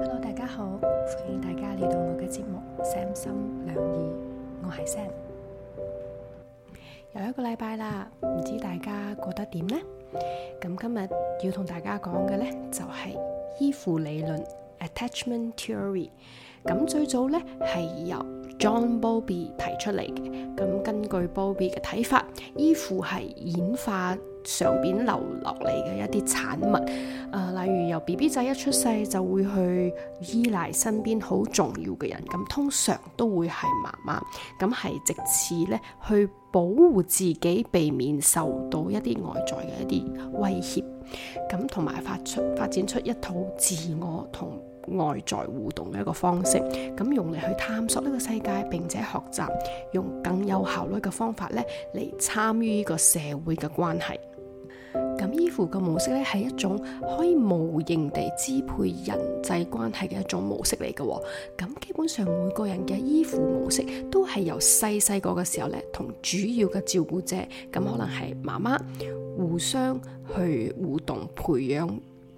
Hello，大家好，歡迎大家嚟到我嘅節目三心兩意，我係 Sam。又一個禮拜啦，唔知大家過得點呢？咁今日要同大家講嘅呢，就係依附理論 （Attachment Theory）。咁最早呢，係由 John Bowlby 提出嚟嘅。咁根據 Bowlby 嘅睇法，依附係演化上邊留落嚟嘅一啲產物，誒、呃，例如由 B B 仔一出世就會去依賴身邊好重要嘅人，咁通常都會係媽媽，咁係藉此咧去保護自己，避免受到一啲外在嘅一啲威脅，咁同埋發出發展出一套自我同外在互動嘅一個方式，咁用嚟去探索呢個世界，並且學習用更有效率嘅方法咧嚟參與呢個社會嘅關係。咁依附嘅模式咧，係一種可以無形地支配人際關係嘅一種模式嚟嘅哦。咁基本上每個人嘅依附模式，都係由細細個嘅時候咧，同主要嘅照顧者，咁可能係媽媽，互相去互動培養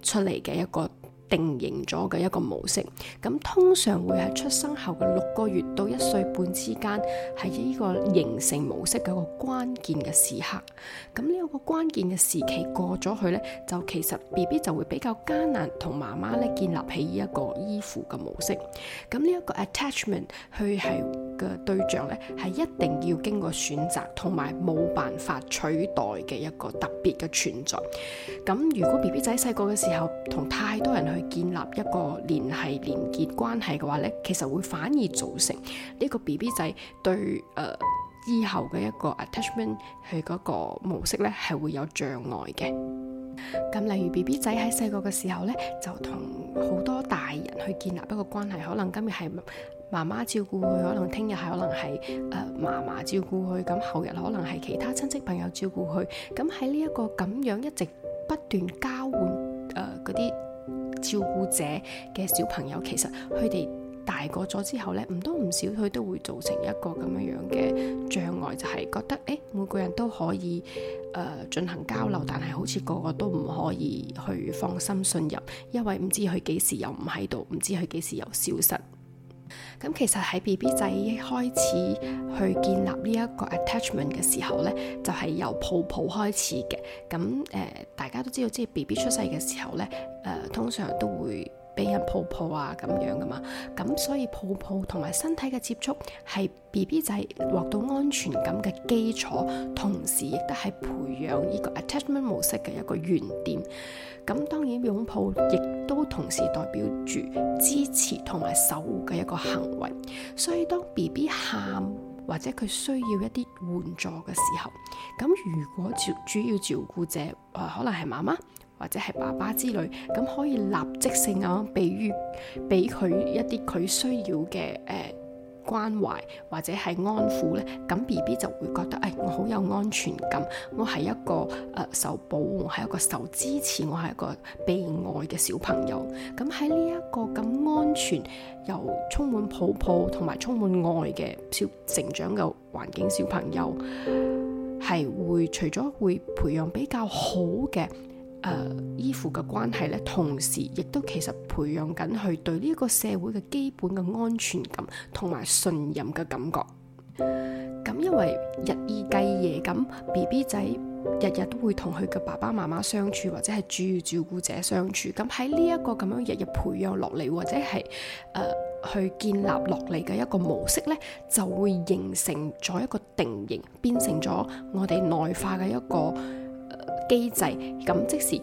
出嚟嘅一個。定型咗嘅一個模式，咁通常會喺出生後嘅六個月到一歲半之間，係呢個形成模式嘅一個關鍵嘅時刻。咁呢一個關鍵嘅時期過咗去呢，就其實 BB 就會比較艱難同媽媽咧建立起呢一個依附嘅模式。咁呢一個 attachment 佢係嘅對象咧，係一定要經過選擇同埋冇辦法取代嘅一個特別嘅存在。咁如果 B B 仔細個嘅時候同太多人去建立一個連係連結關係嘅話咧，其實會反而造成呢個 B B 仔對誒、呃、以後嘅一個 attachment，佢嗰個模式咧係會有障礙嘅。咁例如 B B 仔喺細個嘅時候咧，就同好多大人去建立一個關係，可能今日係。媽媽照顧佢，可能聽日係可能係誒媽媽照顧佢，咁後日可能係其他親戚朋友照顧佢。咁喺呢一個咁樣一直不斷交換誒嗰啲照顧者嘅小朋友，其實佢哋大個咗之後呢，唔多唔少佢都會造成一個咁樣樣嘅障礙，就係、是、覺得誒每個人都可以誒進、呃、行交流，但係好似個個都唔可以去放心信任，因為唔知佢幾時又唔喺度，唔知佢幾時又消失。咁其實喺 B B 仔開始去建立呢一個 attachment 嘅時候呢，就係、是、由抱抱開始嘅。咁誒、呃，大家都知道，即係 B B 出世嘅時候呢，誒、呃，通常都會。俾人抱抱啊，咁樣噶嘛，咁所以抱抱同埋身體嘅接觸係 BB 仔獲得安全感嘅基礎，同時亦都係培養呢個 attachment 模式嘅一個原點。咁當然擁抱亦都同時代表住支持同埋守護嘅一個行為。所以當 BB 喊或者佢需要一啲援助嘅時候，咁如果照主要照顧者，呃，可能係媽媽。或者係爸爸之類，咁可以立即性啊，俾於俾佢一啲佢需要嘅誒、呃、關懷，或者係安撫咧。咁 B B 就會覺得誒、哎，我好有安全感，我係一個誒、呃、受保護，係一個受支持，我係一個被愛嘅小朋友。咁喺呢一個咁、嗯、安全又充滿抱抱同埋充滿愛嘅小成長嘅環境小，小朋友係會除咗會培養比較好嘅。誒依附嘅關係咧，同時亦都其實培養緊佢對呢一個社會嘅基本嘅安全感同埋信任嘅感覺。咁、嗯、因為日以繼夜咁 BB 仔日日都會同佢嘅爸爸媽媽相處，或者係主要照顧者相處。咁喺呢一個咁樣日日培養落嚟，或者係誒、呃、去建立落嚟嘅一個模式咧，就會形成咗一個定型，變成咗我哋內化嘅一個機制，咁即時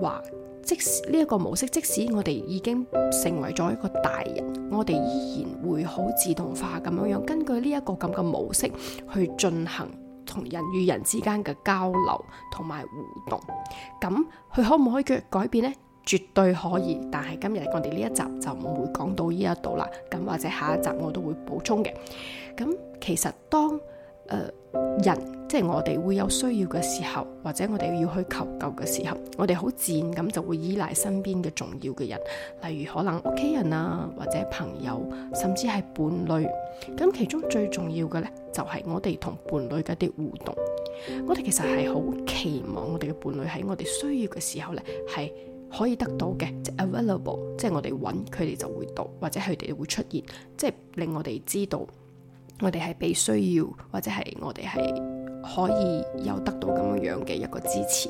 話，即使呢一個模式，即使我哋已經成為咗一個大人，我哋依然會好自動化咁樣樣，根據呢一個咁嘅模式去進行同人與人之間嘅交流同埋互動。咁佢可唔可以改變呢？絕對可以。但係今日我哋呢一集就唔會講到呢一度啦。咁或者下一集我都會補充嘅。咁其實當誒，uh, 人即係我哋會有需要嘅時候，或者我哋要去求救嘅時候，我哋好自然咁就會依賴身邊嘅重要嘅人，例如可能屋企人啊，或者朋友，甚至係伴侶。咁其中最重要嘅呢，就係我哋同伴侶嘅一啲互動。我哋其實係好期望我哋嘅伴侶喺我哋需要嘅時候呢，係可以得到嘅，即係 available，即係我哋揾，佢哋就會到，或者佢哋會出現，即係令我哋知道，我哋係被需要，或者係我哋係可以有得到咁樣嘅一個支持，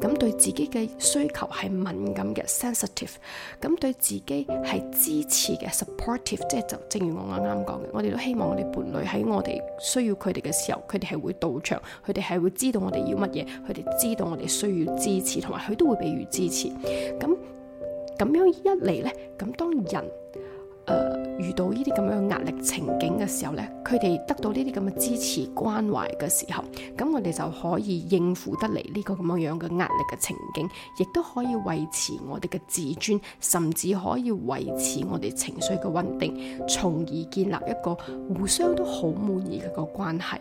咁對自己嘅需求係敏感嘅 sensitive，咁對自己係支持嘅 supportive，即係就正如我啱啱講嘅，我哋都希望我哋伴侶喺我哋需要佢哋嘅時候，佢哋係會到場，佢哋係會知道我哋要乜嘢，佢哋知道我哋需要支持，同埋佢都會畀予支持。咁咁樣一嚟呢，咁當人，呃遇到呢啲咁樣嘅壓力情景嘅時候呢，佢哋得到呢啲咁嘅支持關懷嘅時候，咁我哋就可以應付得嚟呢個咁樣樣嘅壓力嘅情景，亦都可以維持我哋嘅自尊，甚至可以維持我哋情緒嘅穩定，從而建立一個互相都好滿意嘅個關係。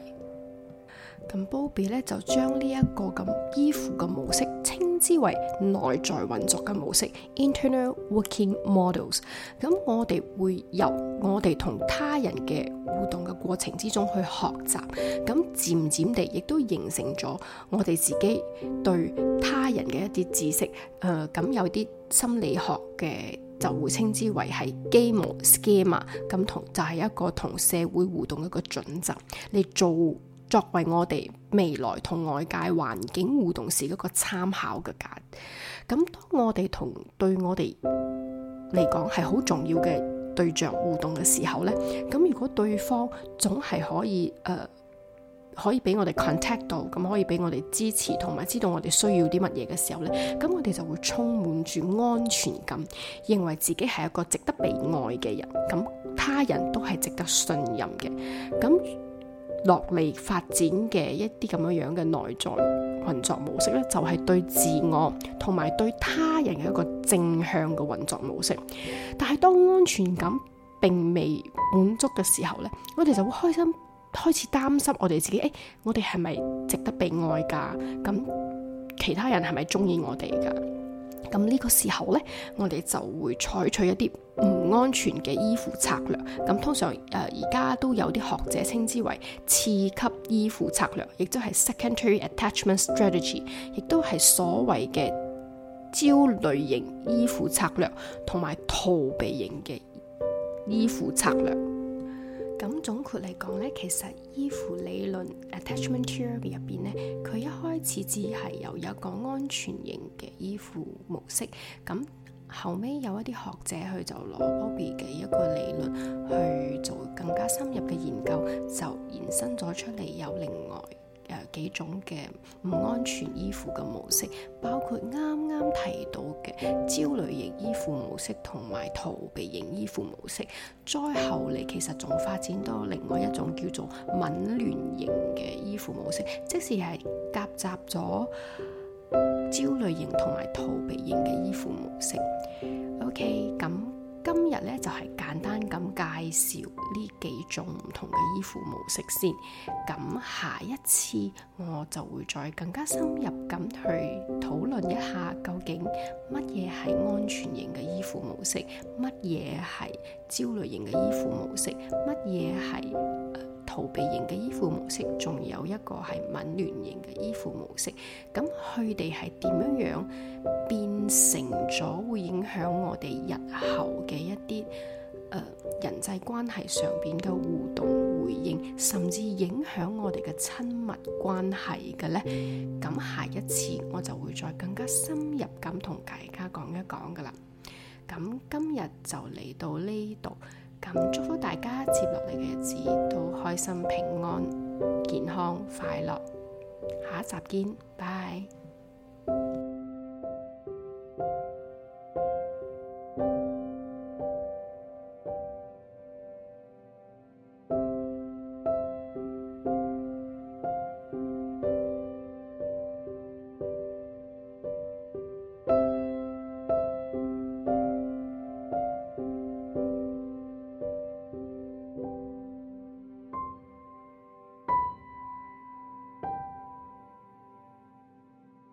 咁、嗯、Bowlby 咧就將呢一個咁依附嘅模式。稱之為內在運作嘅模式 （internal working models）。咁我哋會由我哋同他人嘅互動嘅過程之中去學習，咁漸漸地亦都形成咗我哋自己對他人嘅一啲知識。誒、呃，咁有啲心理學嘅就會稱之為係 m e s c h e m a 咁同就係一個同社會互動嘅一個準則你做。作為我哋未來同外界環境互動時嗰個參考嘅價值，咁當我哋同對我哋嚟講係好重要嘅對象互動嘅時候呢，咁如果對方總係可以誒、呃、可以俾我哋 contact 到，咁可以俾我哋支持同埋知道我哋需要啲乜嘢嘅時候呢，咁我哋就會充滿住安全感，認為自己係一個值得被愛嘅人，咁他人都係值得信任嘅，咁。落嚟發展嘅一啲咁樣樣嘅內在運作模式咧，就係對自我同埋對他人嘅一個正向嘅運作模式。但係當安全感並未滿足嘅時候咧，我哋就會開心開始擔心我哋自己，誒、欸，我哋係咪值得被愛㗎？咁其他人係咪中意我哋㗎？咁呢個時候呢，我哋就會採取一啲唔安全嘅依附策略。咁通常誒，而家都有啲學者稱之為次級依附策略，亦都係 secondary attachment strategy，亦都係所謂嘅焦慮型依附策略同埋逃避型嘅依附策略。咁總括嚟講咧，其實依附理論 （attachment theory） 入邊咧，佢一開始只係有一個安全型嘅依附模式，咁後尾有一啲學者佢就攞 Bowlby 嘅一個理論去做更加深入嘅研究，就延伸咗出嚟有另外，誒幾種嘅唔安全依附嘅模式，包括啱啱提到嘅焦慮型依附模式同埋逃避型依附模式，再後嚟其實仲發展到另外一種叫做紊亂型嘅依附模式，即是係夾雜咗焦慮型同埋逃避型嘅依附模式。OK，咁。今日咧就係簡單咁介紹呢幾種唔同嘅依附模式先，咁下一次我就會再更加深入咁去討論一下究竟乜嘢係安全型嘅依附模式，乜嘢係焦慮型嘅依附模式，乜嘢係。逃避型嘅依附模式，仲有一個係紊亂型嘅依附模式。咁佢哋係點樣樣變成咗會影響我哋日後嘅一啲、呃、人際關係上邊嘅互動回應，甚至影響我哋嘅親密關係嘅咧？咁下一次我就會再更加深入咁同大家講一講噶啦。咁今日就嚟到呢度。咁、嗯、祝福大家接落嚟嘅日子都開心、平安、健康、快樂。下一集見，拜拜。